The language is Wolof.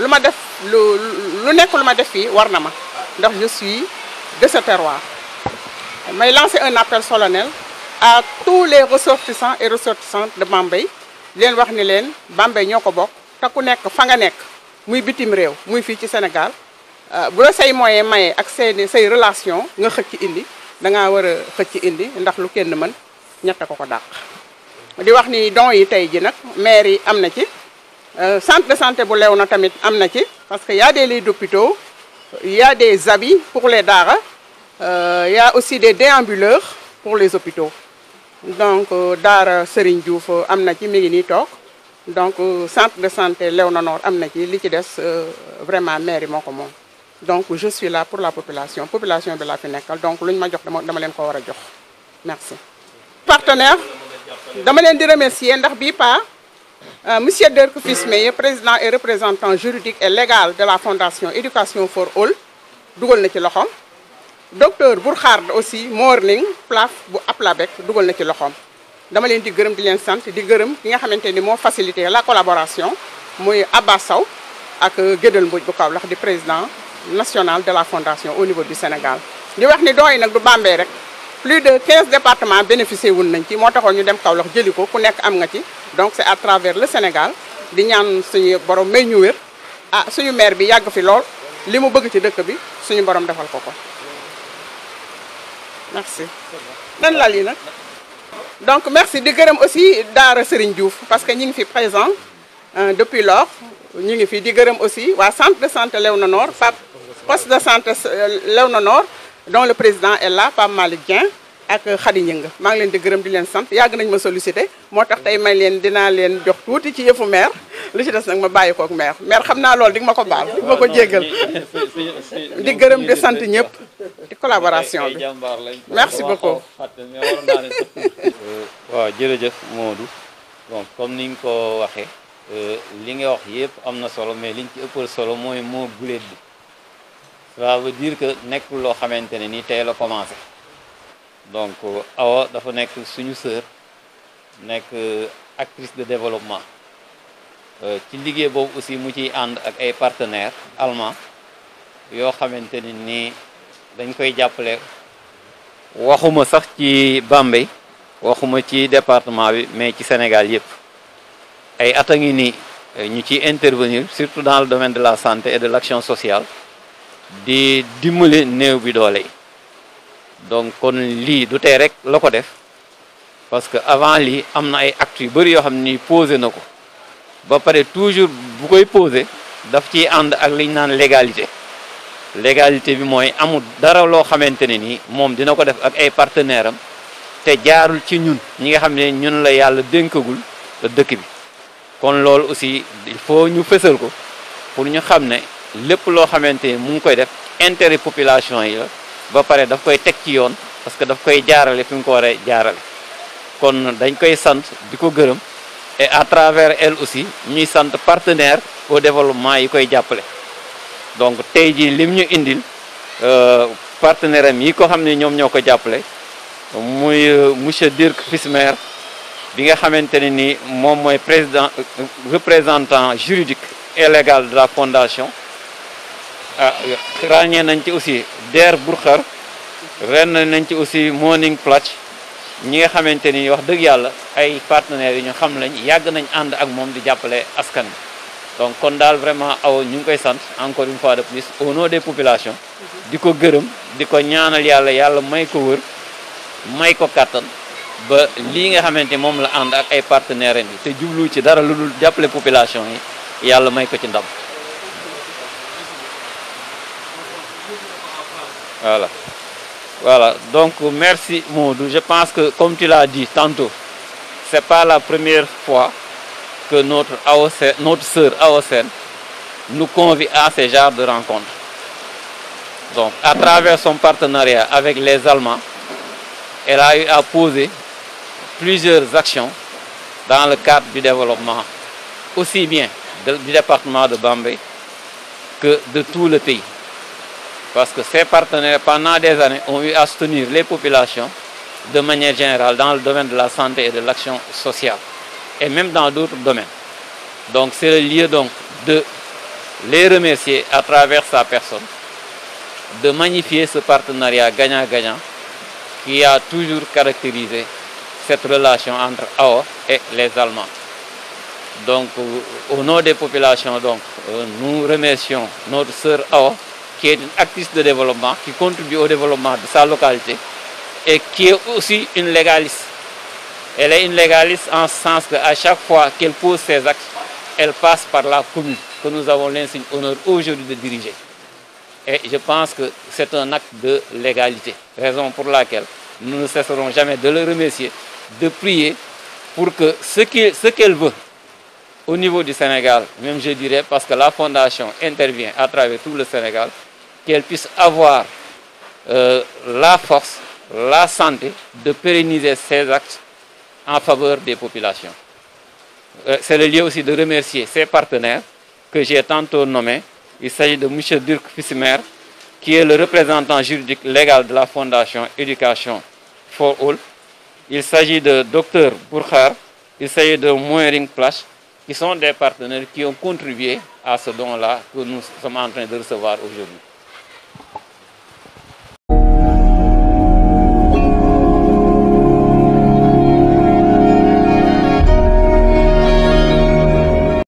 lu ma def lu lu ma def fii war na ma ndax je suis de ce terroir Mais lancer un appel solennel à tous les ressortissants et ressortissantes de Bambey leen wax ni leen Bambey ñoo ko bokk te ku nekk fa nga nekk muy bitim réew muy fii ci Sénégal euh, bu la say moyen maye ak seeni say relation nga xëcc indi da ngaa war a xëcc indi ndax lu kenn mën ñett ko ko dàq di wax ni don yi tey ji nag maire yi am ci euh, centre de santé bu lew na tamit ci parce que y a des lits d'hôpitaux il y a des habits pour les daara il euh, y a aussi des déambuleurs pour les hôpitaux donc euh, daara Serigne Diouf amna ci mi ngi nii donc centre de santé Léona Nord amna ci li ci vraiment mère moko mom donc je suis là pour la population population de la fi donc luñ ma jox dama dama ko wara jox merci partenaire dama len di remercier ndax bi pas euh, Monsieur Dirk Fismeye, président et représentant juridique et légal de la Fondation Éducation for All dugal na docteur Burkhard aussi Morning Plaf bu Aplabek dugal na ci le cadre de di gërëm di leen sant di ki la collaboration avec Abba et ak président national de la Fondation au niveau du Sénégal Nous wax ni doy nag du plus de 15 départements bénéficié wul nañ ci mo taxo ñu dem Kaolack jëli ko ku nekk am nga ci donc c'est à travers le Sénégal di ñaan suñu borom may ñu wër ah suñu maire bi yàgg fi lool li mu bëgg ci dëkk bi suñu borom defal ko ko merci. nan lal yi nag donc merci di gërëm aussi Daara Serigne Diouf parce que ñi ngi fi présent euh, depuis lors ñi ngi fi di gërëm aussi wa centre de santé Léona Nord PAP poste de santé euh, Léona Nord dont le président est là Pape Malick Dieng ak Khady Ngingue maa ngi leen di gërëm di leen sant yàgg nañ ma sollicité moo tax tey may leen dinaa leen jox tuuti ci yëfu maire li ci dess nak ma bayiko ak maire maire xamna naa dig mako nga dig mako djegal di gërem ko jéggal di gërëm di di collaboration bi merci beaucoup. waaw jërëjëf Modou bon comme niñ nga ko waxee euh, li nga wax yépp amna solo mais liñ ci ëppal solo moy mo guleet bi ça veut dire que nek lo xamante ni tay la commencé donc euh, Awa dafa nek suñu sœur nek euh, actrice de développement euh, ci liggéey bob aussi mu ci and ak ay partenaires allemands yo xamante ne ni dañ koy jàppale waxuma sax ci Bambey waxuma ci département bi mais ci Sénégal yépp ay atangi a ñu ci intervenir surtout dans le domaine de la santé et de l'action sociale di dimbale néew bi doole donc kon lii du tey rek la ko def parce que avant li am na ay actes yu bëri yoo xam ni posé na ko ba pare toujours bu koy posé daf ciy ànd ak liñ naan légalité légalité bi mooy amul dara loo xamante ne nii moom dina ko def ak ay partenaire am te jaarul ci ñun ñi nga xam ne ñun la yàlla dénkagul dëkk bi kon loolu aussi il ñu fësal ko pour ñu xam ne lépp loo xamante ni mu ngi koy def intérêt population yi la ba pare daf koy teg ci yoon parce que dafa koy jaarale fi mu ko war a jaarale kon dañ koy sant di ko gërëm et à travers elle aussi ñuy sant partenaire au développement yi koy jàppale donc tey jii lim ñu indil euh, partenaire am yi ko xam ne ñoom ñoo ko jàppale muy euh, monsieur Dirk Fismer bi nga xamante ne ni moom mooy président euh, représentant juridique et légal de la fondation ah nañ ci aussi Der Burkhar ren nañ ci aussi Morning Platch ñi nga xamanteni wax deug yalla ay partenaires yi ñu xam lañ yag nañ and ak mom di jappalé askan donc kon dal vraiment aw ñu ngi koy sante encore une fois de plus au nom des populations diko gëreum diko ñaanal yalla yalla may ko wër may ko katan ba li nga xamanteni mom la and ak ay partenaires yi te jublu ci dara lu dul jappalé population yi yalla may ko ci ndam Voilà. Voilà. Donc, merci, Moudou. Je pense que, comme tu l'as dit tantôt, ce n'est pas la première fois que notre, AOC, e, notre sœur AOCN e nous convie à ce genre de rencontres. Donc, à travers son partenariat avec les Allemands, elle a eu à poser plusieurs actions dans le cadre du développement, aussi bien du département de bambay que de tout le pays parce que ces partenaires, pendant des années, ont eu à soutenir les populations de manière générale dans le domaine de la santé et de l'action sociale, et même dans d'autres domaines. Donc c'est le lieu donc de les remercier à travers sa personne, de magnifier ce partenariat gagnant-gagnant qui a toujours caractérisé cette relation entre AO et les Allemands. Donc, euh, au nom des populations, donc, euh, nous remercions notre sœur AO qui est une actrice de développement, qui contribue au développement de sa localité et qui est aussi une légaliste. Elle est une légaliste en ce sens qu'à chaque fois qu'elle pose ses actes, elle passe par la commune que nous avons l'insigne honneur aujourd'hui de diriger. Et je pense que c'est un acte de légalité, raison pour laquelle nous ne cesserons jamais de le remercier, de prier pour que ce qu'elle veut au niveau du Sénégal, même je dirais, parce que la fondation intervient à travers tout le Sénégal, qu'elle puisse avoir euh, la force, la santé de pérenniser ces actes en faveur des populations. Euh, c'est le lieu aussi de remercier ses partenaires que j'ai tantôt nommés. Il s'agit de M. Dirk Fissmer, qui est le représentant juridique légal de la Fondation Education for All. Il s'agit de Dr Burkhar, il s'agit de Moering Plash, qui sont des partenaires qui ont contribué à ce don-là que nous sommes en train de recevoir aujourd'hui.